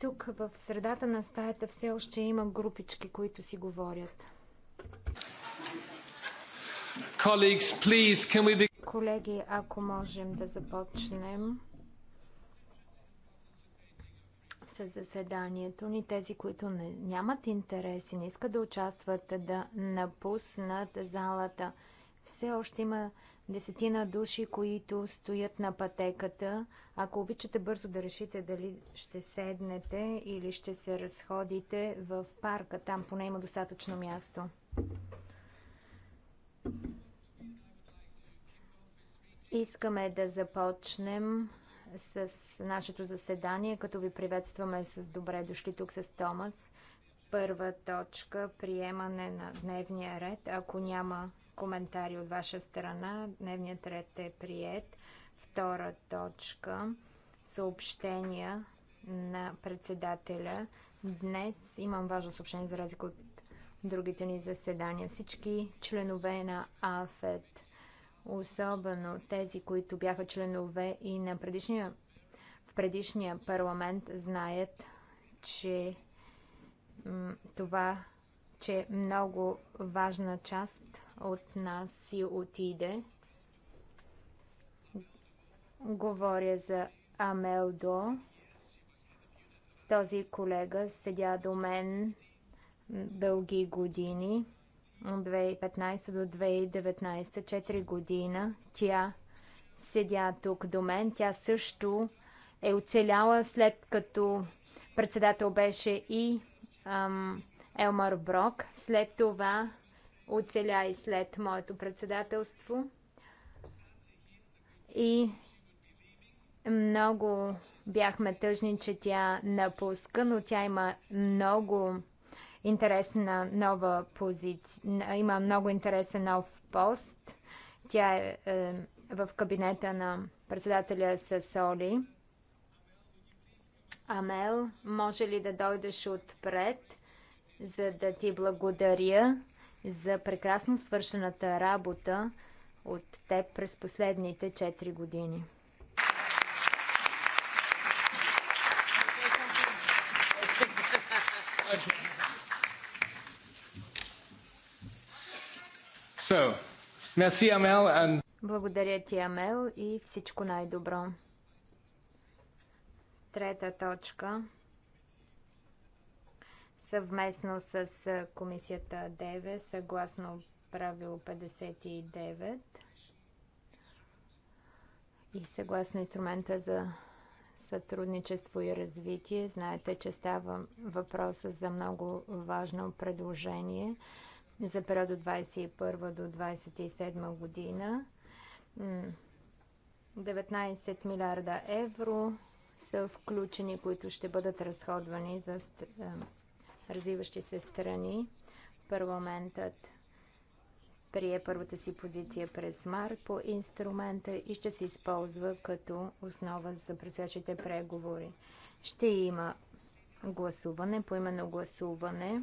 Тук в средата на стаята все още има групички, които си говорят. Колеги, ако можем да започнем с заседанието ни, тези, които нямат интерес и не искат да участват, да напуснат залата. Все още има десетина души, които стоят на пътеката. Ако обичате бързо да решите дали ще седнете или ще се разходите в парка, там поне има достатъчно място. Искаме да започнем с нашето заседание, като ви приветстваме с добре дошли тук с Томас. Първа точка приемане на дневния ред. Ако няма коментари от ваша страна. Дневният ред е прият. Втора точка съобщения на председателя. Днес имам важно съобщение за разлика от другите ни заседания. Всички членове на АФЕД, особено тези, които бяха членове и на предишния, в предишния парламент, знаят, че това, че много важна част от нас си отиде. Говоря за Амелдо. Този колега седя до мен дълги години. От 2015 до 2019, 4 година. Тя седя тук до мен. Тя също е оцеляла след като председател беше и ам, Елмар Брок. След това оцеля и след моето председателство. И много бяхме тъжни, че тя напуска, но тя има много интересна нова позиция. Има много интересен нов пост. Тя е, е в кабинета на председателя СОли. Амел, може ли да дойдеш отпред, за да ти благодаря за прекрасно свършената работа от теб през последните 4 години. So, merci, Amel, and... Благодаря ти, Амел, и всичко най-добро. Трета точка съвместно с комисията ДЕВЕ, съгласно правило 59 и съгласно инструмента за сътрудничество и развитие. Знаете, че става въпроса за много важно предложение за периода 21 до 27 година. 19 милиарда евро са включени, които ще бъдат разходвани за развиващи се страни. Парламентът прие първата си позиция през март по инструмента и ще се използва като основа за предстоящите преговори. Ще има гласуване, поименно гласуване.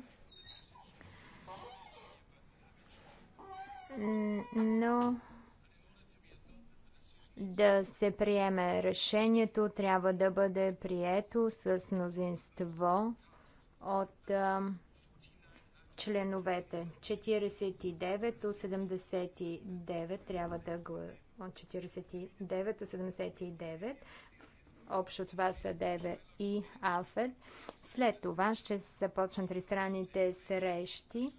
Но да се приеме решението трябва да бъде прието с мнозинство от а, членовете. 49 до 79 трябва да го... От 49 до 79. Общо това са Деве и Алфет. След това ще започнат тристранните срещи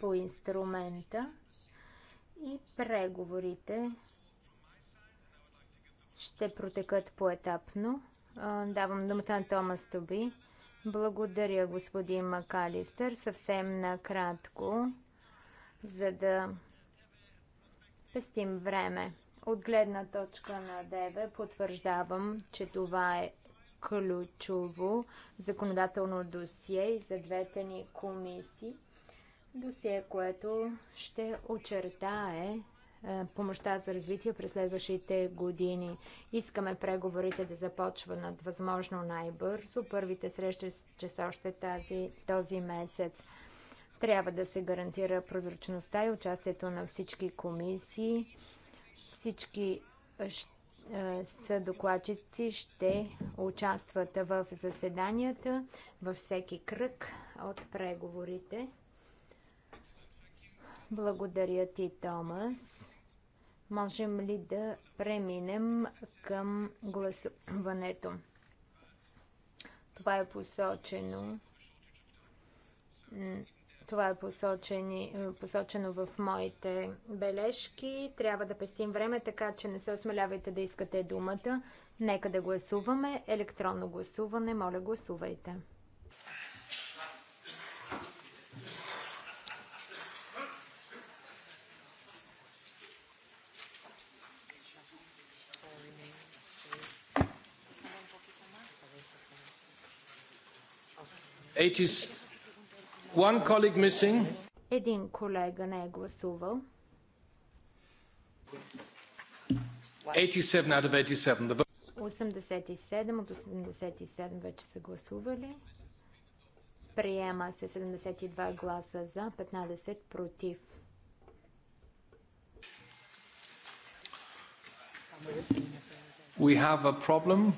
по инструмента и преговорите ще протекат поетапно. Давам думата на Томас Тоби. Благодаря, господин Макалистър. Съвсем накратко, за да пестим време. От гледна точка на ДВ потвърждавам, че това е ключово законодателно досие и за двете ни комисии. Досие, което ще очертае е, помощта за развитие през следващите години. Искаме преговорите да започват възможно най-бързо. Първите срещи ще са още тази, този месец. Трябва да се гарантира прозрачността и участието на всички комисии. Всички е, е, съдокладчици ще участват в заседанията във всеки кръг от преговорите. Благодаря ти, Томас можем ли да преминем към гласуването. Това е посочено. Това е посочени, посочено в моите бележки. Трябва да пестим време, така че не се осмелявайте да искате думата. Нека да гласуваме. Електронно гласуване. Моля, гласувайте. Един колега не е гласувал. 87 от 87 вече са гласували. Приема се 72 гласа за, 15 против. We have a problem.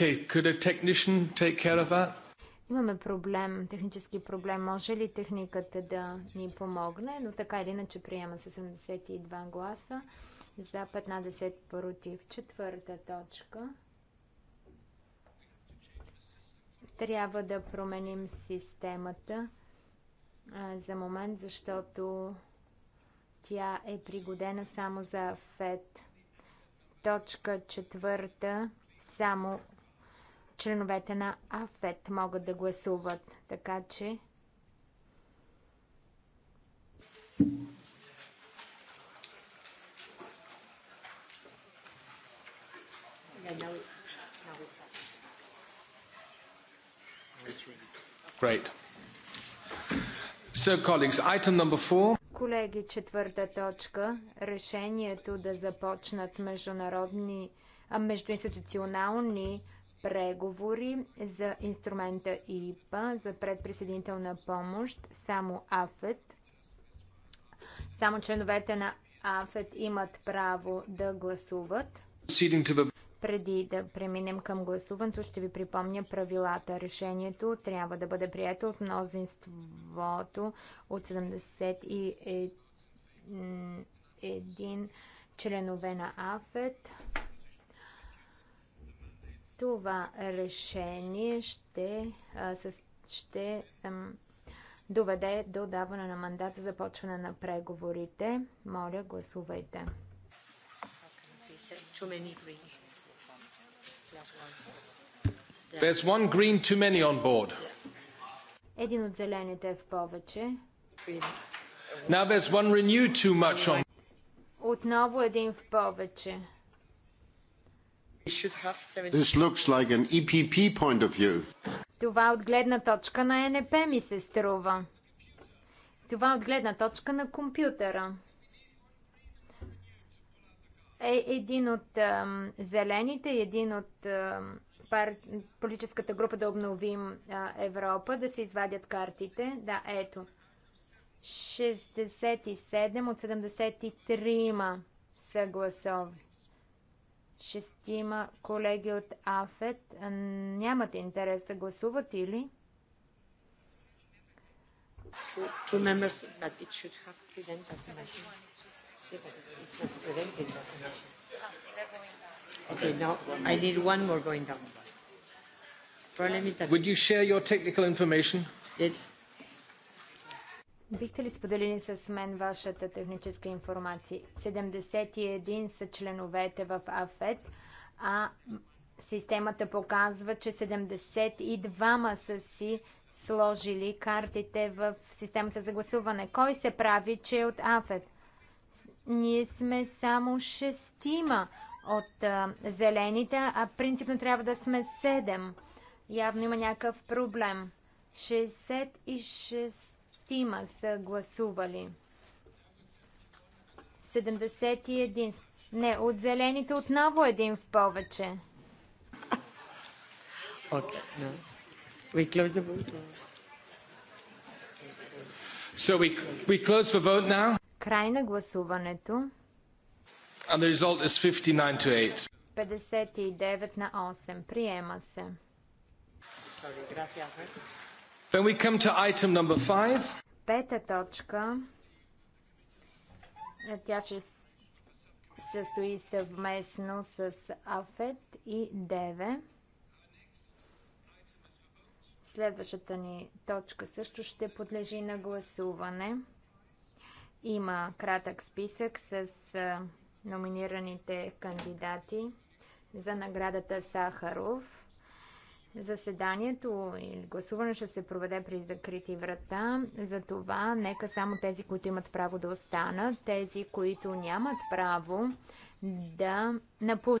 Okay, could a technician take care of that? Имаме проблем, технически проблем. Може ли техниката да ни помогне? Но така или иначе приема 72 гласа за 15 против. Четвърта точка. Трябва да променим системата а, за момент, защото тя е пригодена само за ФЕД. E точка четвърта само членовете на АФЕТ могат да гласуват. Така че. Great. So, colleagues, item number four. Колеги, четвърта точка. Решението да започнат международни, междуинституционални преговори за инструмента ИПА за предприсъединителна помощ само АФЕТ. Само членовете на АФЕТ имат право да гласуват. Преди да преминем към гласуването, ще ви припомня правилата. Решението трябва да бъде прието от мнозинството от 71 е- членове на АФЕТ. Това решение ще, а, с, ще ам, доведе до даване на мандат за започване на преговорите. Моля, гласувайте. There's one green too many on board. Един от зелените е в повече. Now there's one renew too much on. Отново един в повече. Like Това от гледна точка на НП ми се струва. Това от гледна точка на компютъра. Е, един от е, зелените, един от е, пар... политическата група да обновим е, Европа, да се извадят картите. Да, ето. 67 от 73 са гласови шестима колеги от АФЕТ нямат интерес да гласуват или? Would you share your technical information? It's Бихте ли споделили с мен вашата техническа информация? 71 са членовете в АФЕД, а системата показва, че 72-ма са си сложили картите в системата за гласуване. Кой се прави, че е от АФЕД? Ние сме само шестима от а, зелените, а принципно трябва да сме 7. Явно има някакъв проблем. 66 шестима са гласували. 71. Не, от зелените отново един в повече. Край на гласуването. And the result is 59 to 8. 59 на 8. Приема се. Sorry, gracias, eh? When we come to item number five. Пета точка. Е, тя ще състои съвместно с АФЕТ и ДЕВЕ. Следващата ни точка също ще подлежи на гласуване. Има кратък списък с номинираните кандидати за наградата Сахаров. Заседанието или гласуване ще се проведе при закрити врата. Затова нека само тези, които имат право да останат, тези, които нямат право да напуснат.